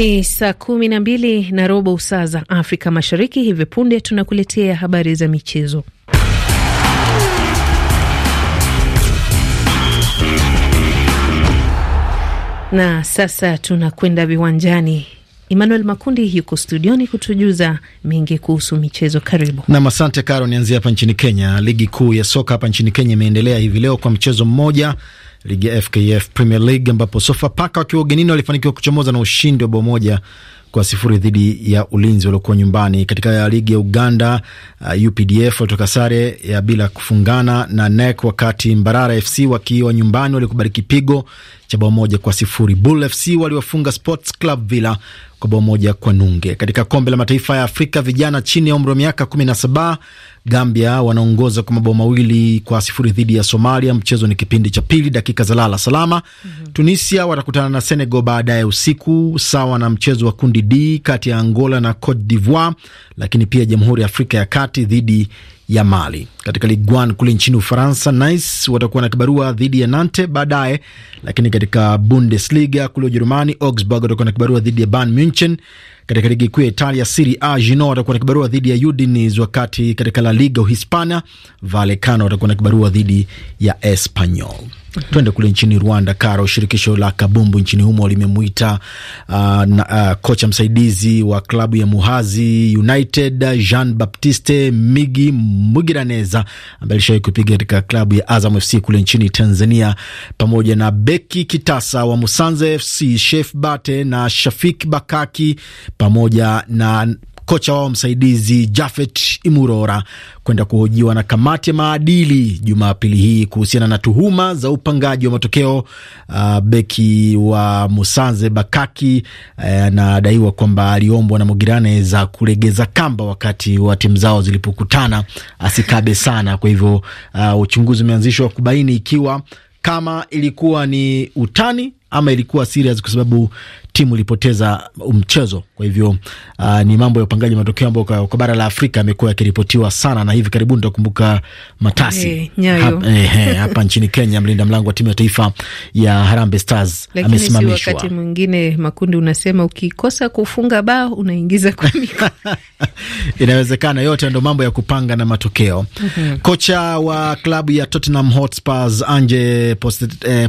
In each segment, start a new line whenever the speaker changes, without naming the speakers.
Ni saa kumi na mbili na robo saa za Afrika Mashariki. Hivi punde tunakuletea habari za michezo. Na sasa tunakwenda viwanjani. Emmanuel Makundi yuko studioni kutujuza mengi kuhusu michezo. Karibu
nam. Asante Karo. Nianzie hapa nchini Kenya. Ligi kuu ya soka hapa nchini Kenya imeendelea hivi leo kwa mchezo mmoja ligi ya FKF Premier League ambapo Sofapaka wakiwa ugenini walifanikiwa kuchomoza na ushindi wa bao moja kwa sifuri dhidi ya Ulinzi waliokuwa nyumbani. Katika ligi ya Uganda, uh, UPDF walitoka sare ya bila kufungana na NEC, wakati Mbarara FC wakiwa nyumbani walikubali kipigo cha bao moja kwa sifuri. Bull FC waliwafunga Sports Club Villa kwa bao moja kwa nunge. Katika kombe la mataifa ya Afrika vijana chini ya umri wa miaka saba Gambia wanaongoza kwa mabao mawili kwa sifuri dhidi ya Somalia. Mchezo ni kipindi cha pili, dakika za lala salama. mm -hmm. Tunisia watakutana na Senegal baadaye usiku, sawa na mchezo wa kundi D kati ya Angola na Cote d'Ivoire, lakini pia Jamhuri ya Afrika ya Kati dhidi ya Mali. Katika Ligue 1 kule nchini Ufaransa, Nice watakuwa na kibarua dhidi ya Nantes baadaye, lakini katika Bundesliga kule Ujerumani, Augsburg watakuwa na kibarua dhidi ya Bayern Munchen katika ligi kuu ya Italia Serie A, Genoa watakuwa na kibarua dhidi ya Udinese, wakati katika La Liga Uhispania Vallecano watakuwa na kibarua dhidi ya Espanyol. Tuende kule nchini Rwanda. Karo, shirikisho la kabumbu nchini humo limemuita uh, na, uh, kocha msaidizi wa klabu ya Muhazi United Jean Baptiste Migi Mugiraneza ambaye alishawahi kupiga katika klabu ya Azam FC kule nchini Tanzania, pamoja na beki kitasa wa Musanze FC Shef Bate na Shafik Bakaki pamoja na kocha wao msaidizi Jafet Imurora kwenda kuhojiwa na kamati ya maadili Jumapili hii kuhusiana na tuhuma za upangaji wa matokeo. Uh, beki wa Musanze Bakaki uh, anadaiwa uh, kwamba aliombwa na Mogirane za kulegeza kamba wakati wa timu zao zilipokutana asikabe sana. Kwa hivyo uh, uchunguzi umeanzishwa kubaini ikiwa kama ilikuwa ni utani ama ilikuwa serious kwa sababu timu ilipoteza mchezo. Kwa hivyo uh, ni mambo ya upangaji matokeo ambayo kwa bara la Afrika amekuwa yakiripotiwa sana, na hivi karibuni tutakumbuka Matasi hey, hey, hey, hapa nchini Kenya, mlinda mlango wa timu ya taifa ya Harambee Stars amesimamishwa. wakati
mwingine makundi unasema ukikosa kufunga bao unaingiza kwa
inawezekana. Yote ndo mambo ya kupanga na matokeo. Mhm. Kocha wa klabu ya Tottenham Hotspurs Ange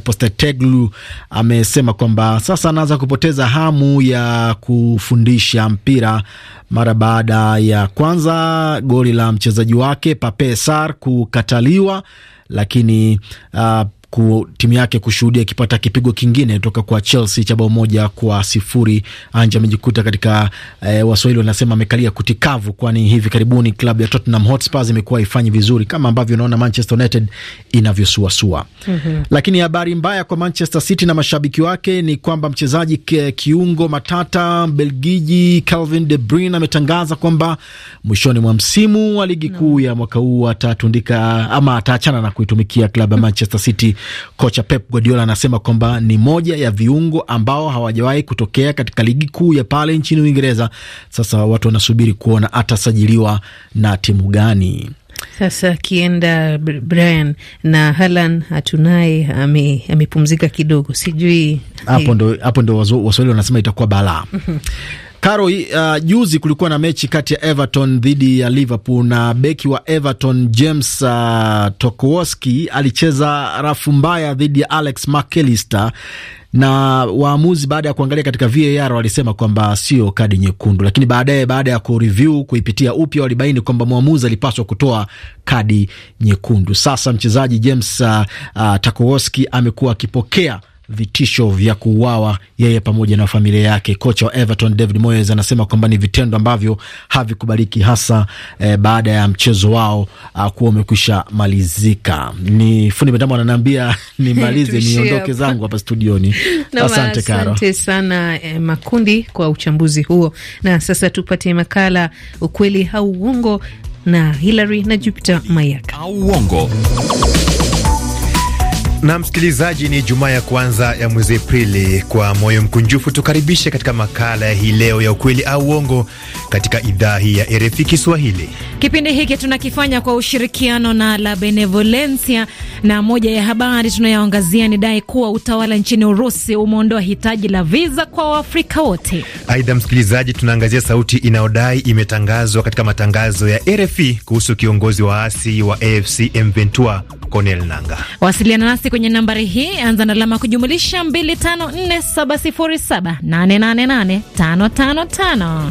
Postecoglou eh, amesema kwamba sasa anaanza kupoteza kupoteza hamu ya kufundisha mpira mara baada ya kwanza goli la mchezaji wake Pape Sar kukataliwa, lakini uh, ku, timu yake kushuhudia ikipata kipigo kingine kutoka kwa Chelsea cha bao moja kwa sifuri. Anja amejikuta katika e, Waswahili wanasema amekalia kutikavu, kwani hivi karibuni klabu ya Tottenham Hotspur imekuwa ifanyi vizuri kama ambavyo unaona Manchester United inavyosuasua. mm -hmm. Lakini habari mbaya kwa Manchester City na mashabiki wake ni kwamba mchezaji kiungo matata Belgiji Calvin De Bruyne ametangaza kwamba mwishoni mwa msimu wa ligi no. kuu ya mwaka huu atatundika ama ataachana na kuitumikia klabu ya Manchester City Kocha Pep Guardiola anasema kwamba ni moja ya viungo ambao hawajawahi kutokea katika ligi kuu ya pale nchini Uingereza. Sasa watu wanasubiri kuona atasajiliwa na timu gani.
Sasa akienda Brian na Halan hatunaye, amepumzika ame kidogo, sijui hapo
ndo, hapo ndo Waswahili wanasema itakuwa balaa. Karo, uh, juzi kulikuwa na mechi kati ya Everton dhidi ya Liverpool na beki wa Everton James uh, Tokowoski alicheza rafu mbaya dhidi ya Alex McAllister na waamuzi baada ya kuangalia katika VAR walisema kwamba sio kadi nyekundu, lakini baadaye, baada ya kureview kuipitia upya, walibaini kwamba mwamuzi alipaswa kutoa kadi nyekundu. Sasa mchezaji James uh, uh, Tokowoski amekuwa akipokea vitisho vya kuuawa yeye pamoja na familia yake. Kocha wa Everton David Moyes anasema kwamba ni vitendo ambavyo havikubaliki hasa eh, baada ya mchezo wao uh, kuwa umekwisha malizika. Ni fundi mitambo ananiambia nimalize niondoke zangu hapa studioni. Asante Karo, asante
sana eh, Makundi kwa uchambuzi huo. Na sasa tupate makala ukweli au uongo na Hilary na Jupiter Mayaka
au uongo na msikilizaji, ni Jumaa ya kwanza ya mwezi Aprili. Kwa moyo mkunjufu tukaribishe katika makala ya hii leo ya ukweli au uongo katika idhaa hii ya RFI Kiswahili.
Kipindi hiki tunakifanya kwa ushirikiano na La Benevolencia, na moja ya habari tunayoangazia ni dai kuwa utawala nchini Urusi umeondoa hitaji la viza kwa Waafrika wote.
Aidha msikilizaji, tunaangazia sauti inayodai imetangazwa katika matangazo ya RFI kuhusu kiongozi wa waasi wa AFC M23 Cornel Nanga.
Wasiliana nasi kwenye nambari hii, anza na alama kujumulisha 254707888555.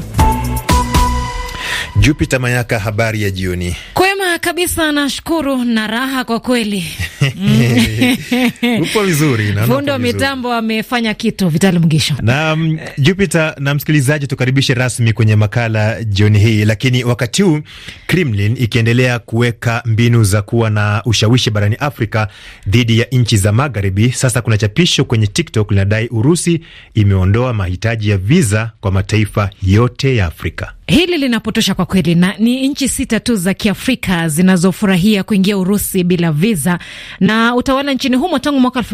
Jupiter Mayaka, habari ya jioni.
Kwema kabisa, nashukuru na raha kwa kweli.
Mm. upo vizuri, fundo mitambo
amefanya kitu. Vital Mgisho
na um, Jupiter na msikilizaji, tukaribishe rasmi kwenye makala jioni hii. Lakini wakati huu Kremlin ikiendelea kuweka mbinu za kuwa na ushawishi barani Afrika dhidi ya nchi za Magharibi, sasa kuna chapisho kwenye TikTok linadai Urusi imeondoa mahitaji ya viza kwa mataifa yote ya Afrika.
Hili linapotosha kwa kweli, na ni nchi sita tu za Kiafrika zinazofurahia kuingia Urusi bila viza, na utawala nchini humo tangu mwaka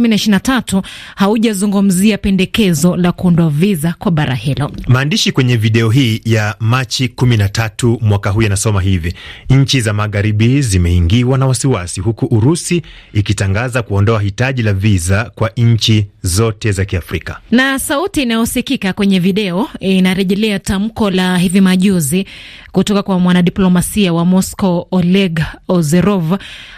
tatu haujazungumzia pendekezo la kuondoa viza kwa bara hilo.
Maandishi kwenye video hii ya Machi tatu mwaka huu yanasoma hivi: nchi za magharibi zimeingiwa na wasiwasi, huku Urusi ikitangaza kuondoa hitaji la viza kwa nchi zote za Kiafrika.
Na sauti inayosikika kwenye video eh, inarejelea tamko la hivi majuzi chiuse kutoka kwa mwanadiplomasia wa Moscow Oleg Ozerov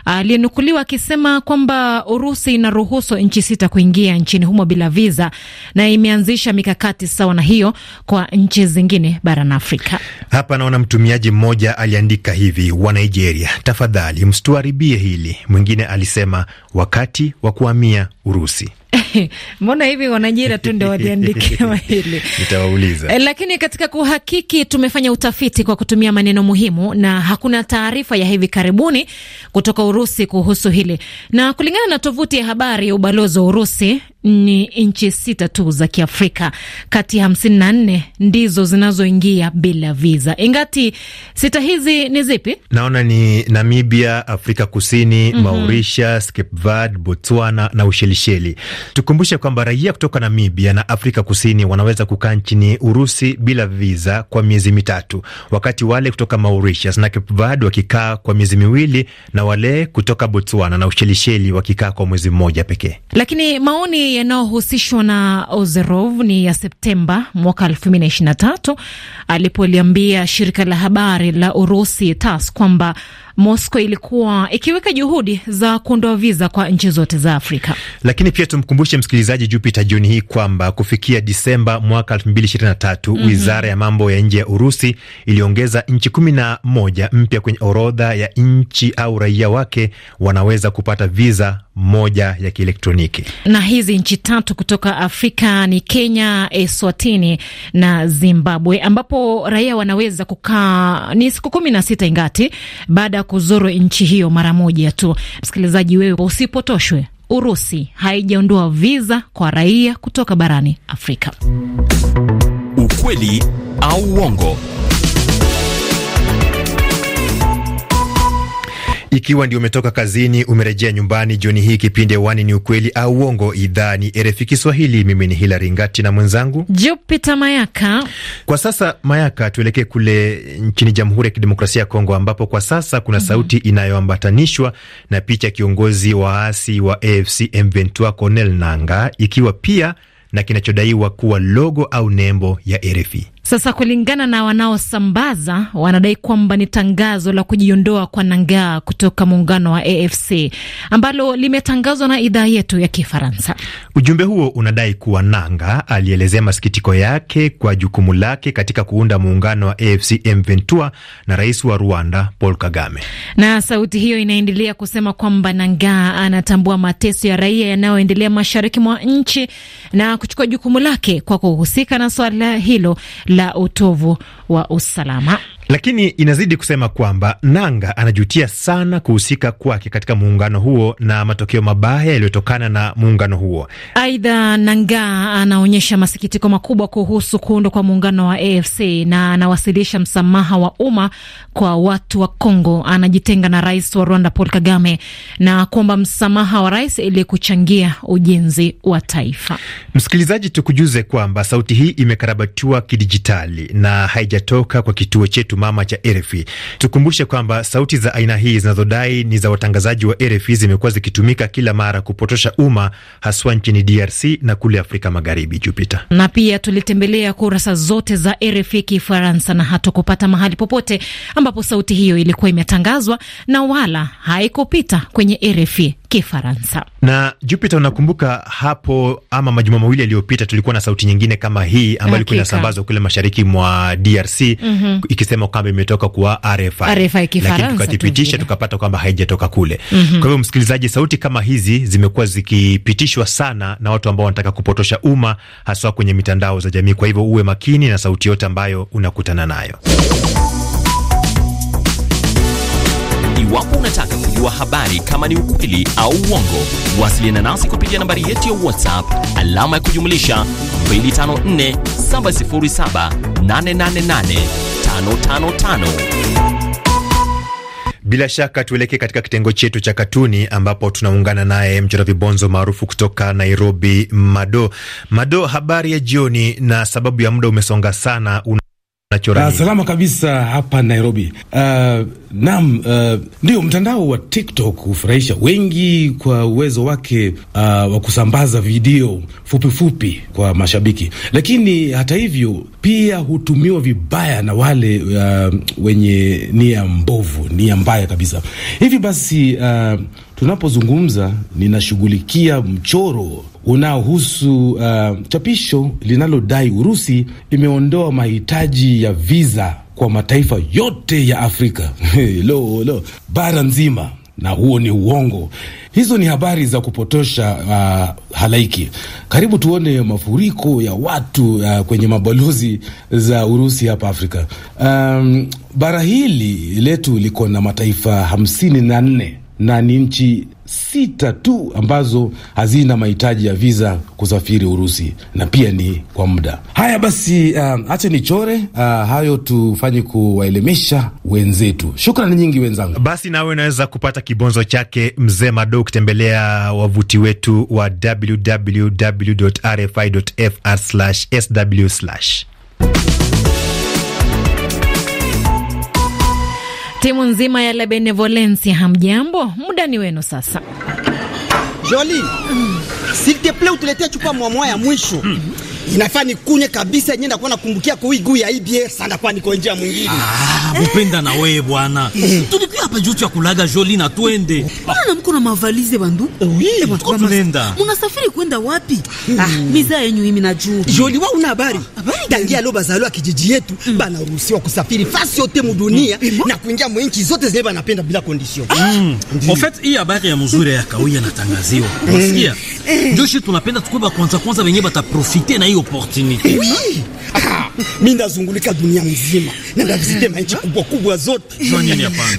aliyenukuliwa akisema kwamba Urusi inaruhusu nchi sita kuingia nchini humo bila viza na imeanzisha mikakati sawa na hiyo kwa nchi zingine barani Afrika.
Hapa naona mtumiaji mmoja aliandika hivi, wa Nigeria, tafadhali msituharibie hili. Mwingine alisema wakati wa kuhamia Urusi.
Mbona hivi wanajira tu ndo waliandikiwa hili?
Nitawauliza.
Eh,
lakini katika kuhakiki tumefanya utafiti kwa kutumia maneno muhimu, na hakuna taarifa ya hivi karibuni kutoka Urusi kuhusu hili. Na kulingana na tovuti ya habari ya ubalozi wa Urusi ni nchi sita tu za Kiafrika kati ya nne ndizo zinazoingia bila viza. Ingati sita hizi ni zipi?
Naona ni Namibia, Afrika Kusini, mm -hmm. Mauritius, Cape Verde, Botswana na Ushelisheli. Tukumbushe kwamba raia kutoka Namibia na Afrika Kusini wanaweza kukaa nchini Urusi bila viza kwa miezi mitatu, wakati wale kutoka Mauritius na Cape Verde wakikaa kwa miezi miwili na wale kutoka Botswana na Ushelisheli wakikaa kwa mwezi mmoja pekee.
Lakini maoni yanayohusishwa na Ozerov ni ya Septemba mwaka 2023 alipoliambia shirika la habari la Urusi TASS kwamba Moscow ilikuwa ikiweka juhudi za kuondoa viza kwa nchi zote za Afrika.
Lakini pia tumkumbushe msikilizaji Jupiter jioni hii kwamba kufikia Disemba mwaka 2023 mm -hmm. Wizara ya mambo ya nje ya Urusi iliongeza nchi kumi na moja mpya kwenye orodha ya nchi au raia wake wanaweza kupata viza moja ya kielektroniki.
Na hizi nchi tatu kutoka Afrika ni Kenya, Eswatini na Zimbabwe, ambapo raia wanaweza kukaa ni siku kumi na sita ingati baada kuzuru nchi hiyo mara moja tu. Msikilizaji, wewe usipotoshwe, Urusi haijaondoa viza kwa raia kutoka barani Afrika.
Ukweli au uongo?
Ikiwa ndio umetoka kazini, umerejea nyumbani jioni hii, kipindi wani ni ukweli au uongo, idhaa ni RFI Kiswahili. Mimi ni Hilari Ngati na mwenzangu
Jupiter Mayaka.
Kwa sasa Mayaka, tuelekee kule nchini Jamhuri ya Kidemokrasia ya Kongo, ambapo kwa sasa kuna mhm. sauti inayoambatanishwa na picha kiongozi wa waasi wa AFC M23 Cornel Nanga, ikiwa pia na kinachodaiwa kuwa logo au nembo ya RFI.
Sasa kulingana na wanaosambaza, wanadai kwamba ni tangazo la kujiondoa kwa Nangaa kutoka muungano wa AFC ambalo limetangazwa na idhaa yetu ya Kifaransa.
Ujumbe huo unadai kuwa Nanga alielezea masikitiko yake kwa jukumu lake katika kuunda muungano wa AFC M23 na rais wa Rwanda Paul Kagame.
Na sauti hiyo inaendelea kusema kwamba Nangaa anatambua mateso ya raia yanayoendelea mashariki mwa nchi na kuchukua jukumu lake kwa kuhusika na swala hilo la utovu wa usalama.
Lakini inazidi kusema kwamba Nanga anajutia sana kuhusika kwake katika muungano huo na matokeo mabaya yaliyotokana na
muungano huo. Aidha, Nanga anaonyesha masikitiko makubwa kuhusu kuundwa kwa muungano wa AFC na anawasilisha msamaha wa umma kwa watu wa Kongo. Anajitenga na rais wa Rwanda Paul Kagame na kuomba msamaha wa rais ili kuchangia ujenzi wa taifa.
Msikilizaji, tukujuze kwamba sauti hii imekarabatiwa kidijitali na haija hazijatoka kwa kituo chetu mama cha RFI. Tukumbushe kwamba sauti za aina hii zinazodai ni za watangazaji wa RFI zimekuwa zikitumika kila mara kupotosha umma, haswa nchini DRC na kule Afrika Magharibi. Jupita,
na pia tulitembelea kurasa zote za RFI Kifaransa na hatukupata mahali popote ambapo sauti hiyo ilikuwa imetangazwa na wala haikupita kwenye RFI Kifaransa.
Na Jupiter, unakumbuka hapo ama majuma mawili yaliyopita tulikuwa na sauti nyingine kama hii ambayo ilikuwa inasambazwa kule mashariki mwa DRC mm -hmm. ikisema kwamba imetoka kwa RFI, RFI lakini tukathibitisha tukapata kwamba haijatoka kule mm -hmm. Kwa hivyo msikilizaji, sauti kama hizi zimekuwa zikipitishwa sana na watu ambao wanataka kupotosha umma haswa kwenye mitandao za jamii. Kwa hivyo uwe makini na sauti yote ambayo unakutana nayo. Iwapo unataka kujua habari kama ni ukweli au uongo, wasiliana nasi
kupitia nambari yetu ya WhatsApp alama ya kujumlisha 254
Bila shaka tuelekee katika kitengo chetu cha katuni ambapo tunaungana naye mchora vibonzo maarufu kutoka Nairobi, Mado. Mado, habari ya jioni, na sababu ya muda umesonga
sana una Uh, salama kabisa hapa Nairobi. Uh, naam, uh, ndio mtandao wa TikTok hufurahisha wengi kwa uwezo wake uh, wa kusambaza video fupifupi fupi kwa mashabiki, lakini hata hivyo pia hutumiwa vibaya na wale uh, wenye nia mbovu, nia mbaya kabisa. Hivi basi uh, tunapozungumza ninashughulikia mchoro unaohusu uh, chapisho linalodai Urusi imeondoa mahitaji ya viza kwa mataifa yote ya Afrika lo, lo, bara nzima, na huo ni uongo. Hizo ni habari za kupotosha uh, halaiki. Karibu tuone mafuriko ya watu uh, kwenye mabalozi za Urusi hapa Afrika. Um, bara hili letu liko na mataifa hamsini na nne na ni nchi sita tu ambazo hazina mahitaji ya viza kusafiri Urusi, na pia ni kwa muda. Haya basi, uh, um, ache nichore uh, hayo tufanye kuwaelimisha wenzetu. Shukrani nyingi wenzangu.
Basi nawe unaweza kupata kibonzo chake mzee Mado ukitembelea wavuti wetu wa www.rfi.fr/sw/
Timu nzima ya La Benevolencia hamjambo, muda ni wenu sasa.
joli mm. s'il te plaît, utuletee chupa mwamwa ya mwisho mm inafaa nikunye kabisa yenyewe ndakuwa nakumbukia kwa hii guu ya IBA sana kwa niko njia mwingine. Ah, mpenda na wewe bwana. Eh. Eh. Tulikuwa hapa juu ya kulaga Joli na twende. Bwana mko na mavalize bandu? wewe eh, mko tunaenda. Mnasafiri kwenda wapi? Hmm. Ah, miza yenu mimi na juu. Joli wewe una habari? Ah, Tangia leo bazalo ya kijiji yetu hmm. bana ruhusiwa kusafiri fasi yote mudunia hmm. na kuingia mwinchi zote zile banapenda bila condition. En fait, hii habari ya mzuri ya kauya natangaziwa. Unasikia? Ndio tunapenda tukubwa kwanza kwanza wenyewe bata profiter na hiyo opportunité. Eh oui. Ah, mimi ndazungulika dunia nzima na ndavisite hmm. manchi kubwa kubwa zote.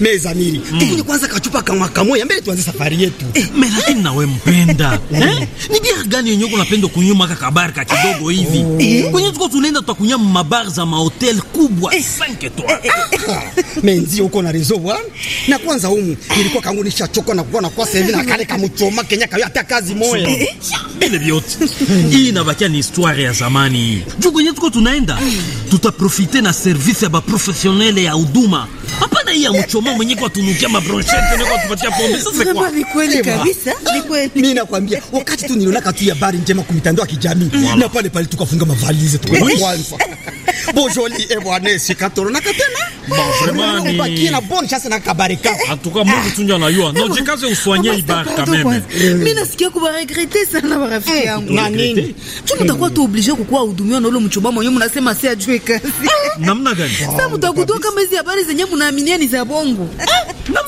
Mimi Zamiri, hmm. tukunywe kwanza kachupa kama kamoya mbele tuanze safari yetu. Eh, mimi na wewe mpenda. Yaani, eh? Ni bar gani yenye unapenda kunyuma kaka bar ka kidogo eh, hivi eh, eh. Kwenye tuko tunaenda tutakunya mabar za mahotel kubwa 5 etoiles. Menzi uko na rezo bwana. Na kwanza humu ilikuwa kangu nishachoka na kuona kwa sasa hivi na kale kamchoma Kenya kayo hata kazi moyo. Ile vyote. Hii inabakia ni histoire ya zamani. Juu kwenye tuko tunaenda tutaprofiter na service ya ba professionnel ya huduma. Hapana hii ya mchoma mwenye kwa tunukia ma brochette ni kwa tupatia pombe sasa kwa. Ni kweli kabisa. Ni kweli. Mimi nakwambia wakati tu niliona wakati habari njema kumitandao ya kijamii mm. na pale pale tukafunga mavalizi tukakwanza bojoli ebwane sikatoro na katena ma minasikia kubaregrete sana barafiki yangu na nini tu mutakuwa tu oblige kukuwa hudumiwa na ule mchumba mwenyewe mnasema si ajue kazi namna gani sa mutakutoa kama hizi habari zenye munaaminia ni za bongo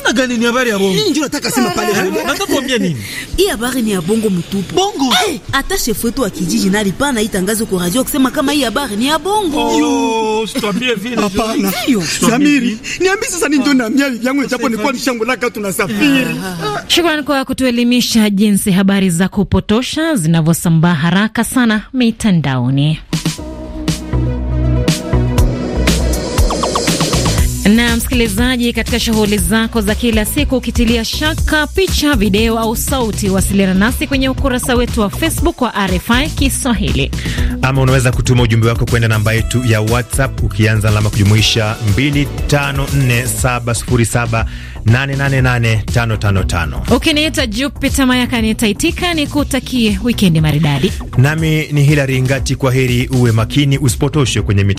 namna gani? Ni habari ya bongo nini? Ndio nataka sema pale, nataka kuambia nini, hii habari ni ya bongo mtupu, bongo. Hata chef wetu wa kijiji na nali pana itangazo kwa radio kusema kama hii habari ni ya bongo. Yo,
oh, sitwambie vile. Hapana, Samiri,
niambie sasa, ni ndio ah. namia yangu japo
nilikuwa nishangulaka tunasafiri. Ah,
ah, Shukrani kwa kutuelimisha jinsi habari za kupotosha zinavyosambaa haraka sana mitandaoni. Na msikilizaji, katika shughuli zako za kila siku, ukitilia shaka picha, video au sauti, wasiliana nasi kwenye ukurasa wetu wa Facebook wa RFI Kiswahili,
ama unaweza kutuma ujumbe wako kwenda namba yetu ya WhatsApp ukianza alama kujumuisha 254707888555.
Ukiniita Jupita Mayaka nitaitika, kutakie wikendi maridadi.
Nami ni Hilari Ngati, kwa heri, uwe makini usipotoshwe kwenye